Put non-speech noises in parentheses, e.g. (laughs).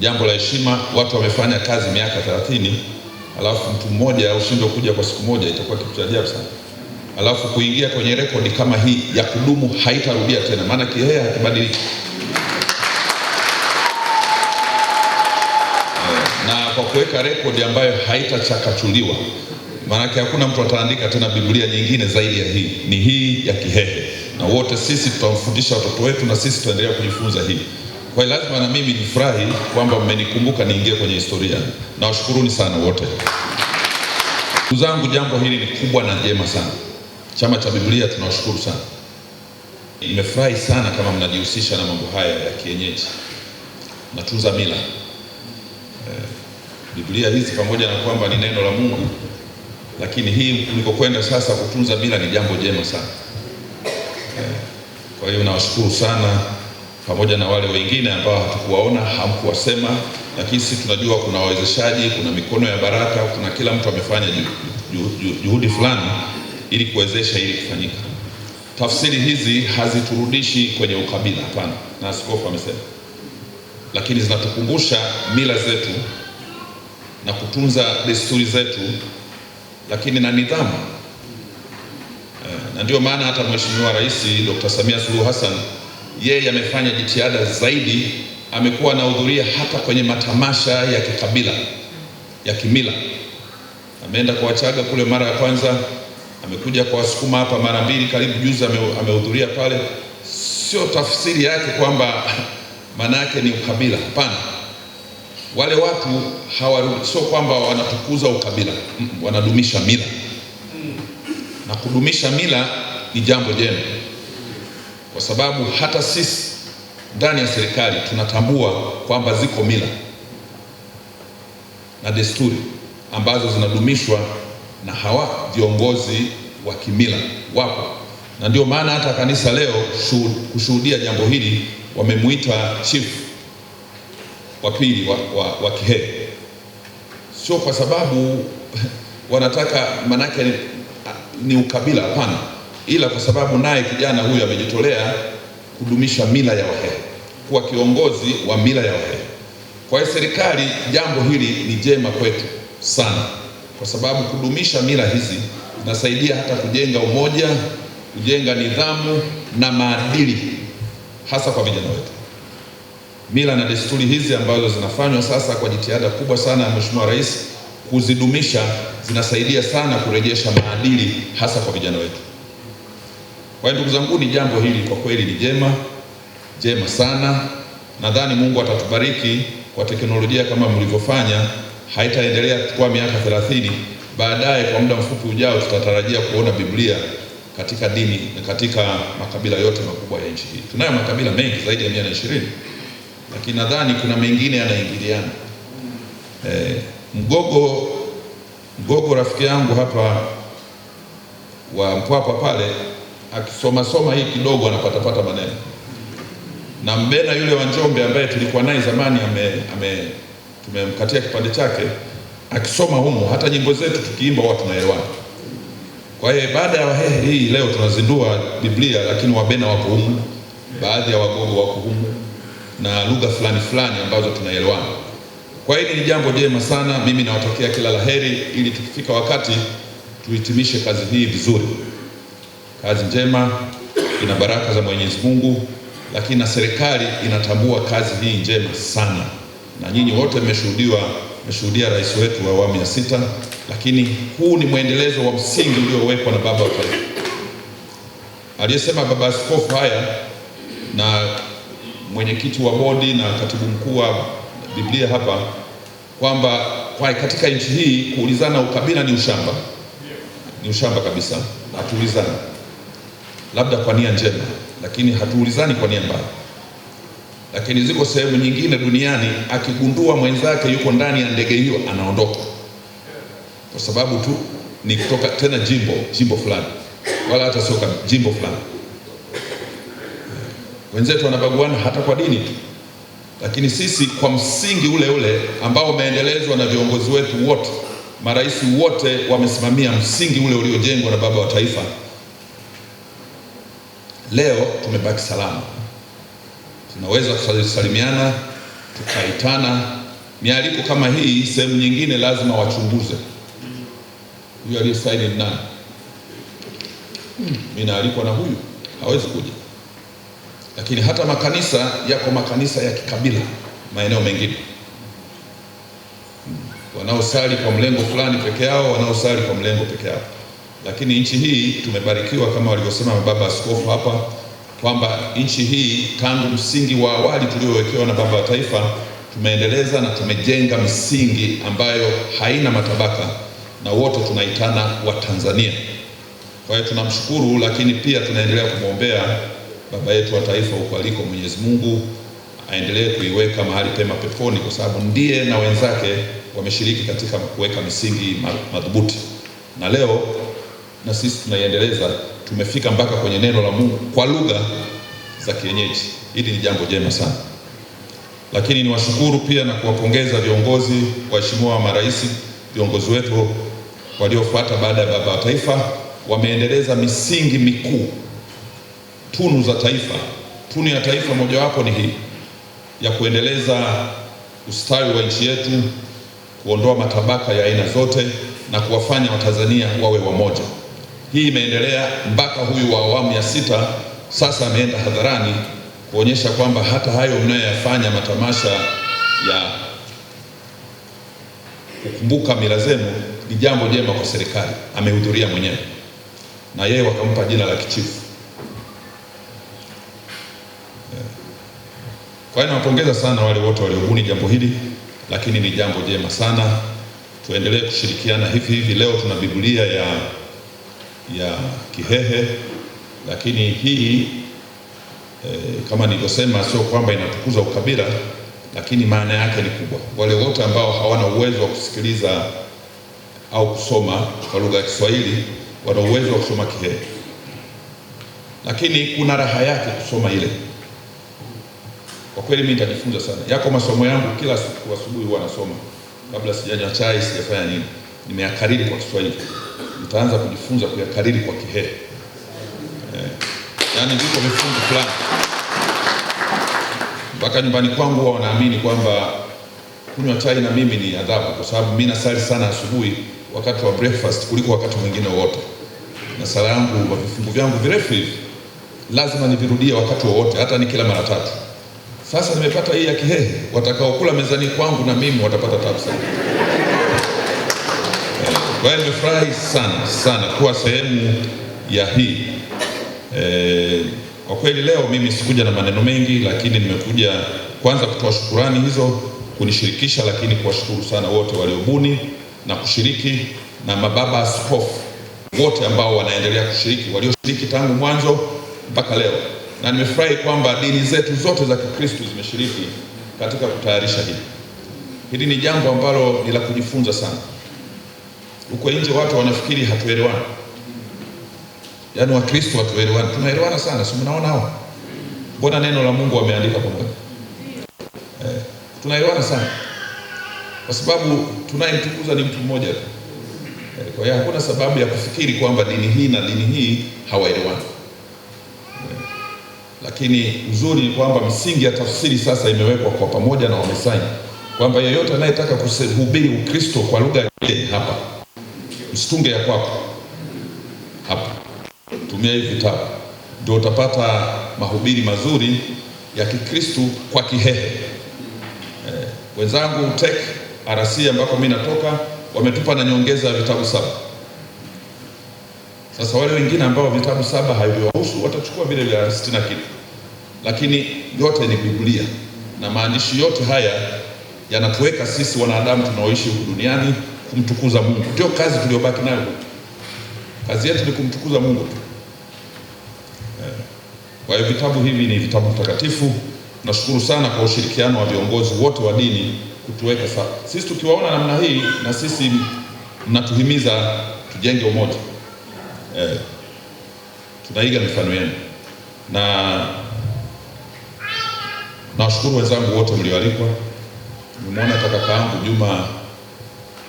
jambo la heshima. Watu wamefanya kazi miaka 30 alafu mtu mmoja ushindwe kuja kwa siku moja, itakuwa kitu cha ajabu sana. Alafu kuingia kwenye rekodi kama hii ya kudumu, haitarudia tena, maana kiheha hakibadiliki. Eh, na kwa kuweka rekodi ambayo haitachakachuliwa, maanake hakuna mtu ataandika tena Biblia nyingine zaidi ya hii, ni hii ya Kihehe, na wote sisi tutamfundisha watoto wetu, na sisi tutaendelea kujifunza hii. Kwa hiyo lazima na mimi nifurahi kwamba mmenikumbuka niingie kwenye historia. Nawashukuruni sana wote. Ndugu zangu, jambo hili ni kubwa na jema sana. Chama cha Biblia tunawashukuru sana. Nimefurahi sana kama mnajihusisha na mambo haya ya kienyeji, natunza mila e, Biblia hizi pamoja na kwamba ni neno la Mungu, lakini hii ulikokwenda sasa kutunza mila ni jambo jema sana e, kwa hiyo nawashukuru sana pamoja na wale wengine ambao hatukuwaona, hamkuwasema, lakini sisi tunajua kuna wawezeshaji, kuna mikono ya baraka, kuna kila mtu amefanya juhudi fulani ili kuwezesha ili kufanyika. Tafsiri hizi haziturudishi kwenye ukabila, hapana, na askofu amesema, lakini zinatukumbusha mila zetu na kutunza desturi zetu, lakini na nidhamu, eh, na ndio maana hata Mheshimiwa Rais Dr. Samia Suluhu Hassan yeye amefanya jitihada zaidi, amekuwa anahudhuria hata kwenye matamasha ya kikabila ya kimila. Ameenda kwa Wachaga kule mara ya kwanza, amekuja kwa Wasukuma hapa mara mbili karibu, juzi amehudhuria pale. Sio tafsiri yake kwamba (laughs) maana yake ni ukabila, hapana. Wale watu hawarudi, sio kwamba wanatukuza ukabila, (laughs) wanadumisha mila, na kudumisha mila ni jambo jema kwa sababu hata sisi ndani ya serikali tunatambua kwamba ziko mila na desturi ambazo zinadumishwa na hawa viongozi wa kimila wapo, na ndio maana hata kanisa leo kushuhudia jambo hili wamemwita chief wa pili wa, wa, wa Kihehe, sio kwa sababu (laughs) wanataka manake ni, ni ukabila. Hapana ila kwa sababu naye kijana huyu amejitolea kudumisha mila ya Wahehe, kuwa kiongozi wa mila ya Wahehe. Kwa hiyo serikali, jambo hili ni jema kwetu sana, kwa sababu kudumisha mila hizi zinasaidia hata kujenga umoja, kujenga nidhamu na maadili, hasa kwa vijana wetu. Mila na desturi hizi ambazo zinafanywa sasa kwa jitihada kubwa sana ya Mheshimiwa Rais kuzidumisha, zinasaidia sana kurejesha maadili, hasa kwa vijana wetu. Kwa hiyo ndugu zangu, ni jambo hili kwa kweli ni jema jema sana. Nadhani Mungu atatubariki kwa teknolojia kama mlivyofanya, haitaendelea kwa miaka 30. Baadaye kwa muda mfupi ujao tutatarajia kuona Biblia katika dini na katika makabila yote makubwa ya nchi hii. Tunayo makabila mengi zaidi ya 120, lakini nadhani kuna mengine yanaingiliana. E, Mgogo Mgogo rafiki yangu hapa wa Mpwapwa pale akisoma soma hii kidogo anapatapata maneno. Na mbena yule wa Njombe ambaye tulikuwa naye zamani ame, ame tumemkatia kipande chake, akisoma humo hata nyimbo zetu tukiimba huwa tunaelewana. Kwa hiyo baada ya Wahehe hii leo tunazindua Biblia, lakini Wabena wako humo, baadhi ya Wagogo wako humu na lugha fulani fulani ambazo tunaelewana. Kwa hiyo ni jambo jema sana, mimi nawatakia kila laheri, ili tukifika wakati tuhitimishe kazi hii vizuri. Kazi njema ina baraka za Mwenyezi Mungu, lakini na serikali inatambua kazi hii njema sana, na nyinyi wote mmeshuhudiwa mmeshuhudia rais wetu wa awamu ya sita, lakini huu ni mwendelezo wa msingi uliowekwa na baba wa taifa aliyesema baba askofu haya na mwenyekiti wa bodi na katibu mkuu wa Biblia hapa kwamba kwa katika nchi hii kuulizana ukabila ni ushamba, ni ushamba kabisa, hatuulizana labda kwa nia njema, lakini hatuulizani kwa nia mbaya. Lakini ziko sehemu nyingine duniani akigundua mwenzake yuko ndani ya ndege hiyo anaondoka, kwa sababu tu ni kutoka tena jimbo jimbo fulani, wala hata sio jimbo fulani. Wenzetu wanabaguana hata kwa dini tu, lakini sisi kwa msingi ule ule ambao umeendelezwa na viongozi wetu wote, marais wote wamesimamia msingi ule uliojengwa na baba wa taifa leo tumebaki salama, tunaweza kusalimiana tukaitana. Mialiko kama hii sehemu nyingine lazima wachunguze huyu aliyesaini ni nani. Hmm, mimi naalikwa na huyu hawezi kuja, lakini hata makanisa yako, makanisa ya kikabila maeneo mengine hmm, wanaosali kwa mlengo fulani peke yao, wanaosali kwa mlengo peke yao. Lakini nchi hii tumebarikiwa kama walivyosema baba askofu hapa kwamba nchi hii tangu msingi wa awali tuliowekewa na baba wa taifa tumeendeleza na tumejenga msingi ambayo haina matabaka na wote tunaitana Watanzania. Kwa hiyo tunamshukuru, lakini pia tunaendelea kumwombea baba yetu wa taifa huko aliko. Mwenyezi Mungu aendelee kuiweka mahali pema peponi, kwa sababu ndiye na wenzake wameshiriki katika kuweka misingi madhubuti na leo na sisi tunaiendeleza, tumefika mpaka kwenye neno la Mungu kwa lugha za kienyeji. Hili ni jambo jema sana, lakini niwashukuru pia na kuwapongeza viongozi, waheshimiwa marais, viongozi wetu waliofuata baada ya baba wa taifa, wameendeleza misingi mikuu, tunu za taifa. Tunu ya taifa mojawapo ni hii ya kuendeleza ustawi wa nchi yetu, kuondoa matabaka ya aina zote na kuwafanya Watanzania wawe wamoja. Hii imeendelea mpaka huyu wa awamu ya sita sasa ameenda hadharani kuonyesha kwamba hata hayo mnayoyafanya matamasha ya kukumbuka mila zenu ni jambo jema kwa serikali. Amehudhuria mwenyewe na yeye wakampa jina la kichifu. Kwa hiyo nawapongeza sana wale wote waliobuni jambo hili, lakini ni jambo jema sana. Tuendelee kushirikiana hivi hivi. Leo tuna Biblia ya ya Kihehe, lakini hii e, kama nilivyosema, sio kwamba inatukuza ukabila, lakini maana yake ni kubwa. Wale wote ambao hawana uwezo wa kusikiliza au kusoma kwa lugha ya Kiswahili wana uwezo wa kusoma Kihehe, lakini kuna raha yake kusoma ile. Kwa kweli mimi nitajifunza sana. Yako masomo yangu kila siku asubuhi huwa nasoma, kabla sijanywa chai, sijafanya nini, nimeyakariri kwa Kiswahili tutaanza kujifunza kuyakariri kwa kihehe eh, Yaani yani viko fulani mpaka nyumbani kwangu huwa wanaamini kwamba kunywa chai na mimi ni adhabu, kwa sababu mimi nasali sana asubuhi wakati wa breakfast kuliko wakati mwingine wote, na sala yangu wa vifungu vyangu virefu hivi lazima nivirudie wakati wowote, hata ni kila mara tatu. Sasa nimepata hii ya kihehe, watakaokula mezani kwangu na mimi watapata tabu sana. Kwa hiyo nimefurahi sana sana kuwa sehemu ya hii e, kwa kweli leo mimi sikuja na maneno mengi, lakini nimekuja kwanza kutoa shukurani hizo kunishirikisha, lakini kuwashukuru sana wote waliobuni na kushiriki na mababa askofu wote ambao wanaendelea kushiriki, walioshiriki tangu mwanzo mpaka leo, na nimefurahi kwamba dini zetu zote za Kikristo zimeshiriki katika kutayarisha hili. Hili ni jambo ambalo ni la kujifunza sana. Huko nje watu wanafikiri hatuelewani, yaani Wakristo hatuelewani. Tunaelewana sana, si mnaona hao? Mbona neno la Mungu wameandika pamoja eh? Tunaelewana sana kwa sababu tunayemtukuza ni mtu mmoja tu. Eh, kwa hiyo hakuna sababu ya kufikiri kwamba dini hii na dini hii hawaelewani eh. Lakini uzuri ni kwamba misingi ya tafsiri sasa imewekwa kwa pamoja na wamesaini kwamba yeyote anayetaka kuhubiri Ukristo kwa lugha ile hapa msitunge ya kwako hapa, tumia hivi vitabu ndio utapata mahubiri mazuri ya Kikristo kwa Kihehe. Eh, wenzangu TEC RC ambako mimi natoka wametupa na nyongeza ya vitabu saba. Sasa wale wengine ambao vitabu saba haviwahusu watachukua vile vya sitini na kitu, lakini yote ni Biblia na maandishi yote haya yanatuweka sisi wanadamu tunaoishi huku duniani kumtukuza Mungu, ndio kazi tuliyobaki nayo. Kazi yetu ni kumtukuza Mungu tu. Eh. Kwa hiyo vitabu hivi ni vitabu takatifu. Nashukuru sana kwa ushirikiano wa viongozi wote wa dini kutuweka sawa. Sisi tukiwaona namna hii, na sisi mnatuhimiza tujenge umoja eh, tunaiga mifano yenu, na nawashukuru wenzangu wote mlioalikwa. Nimeona kaka yangu Juma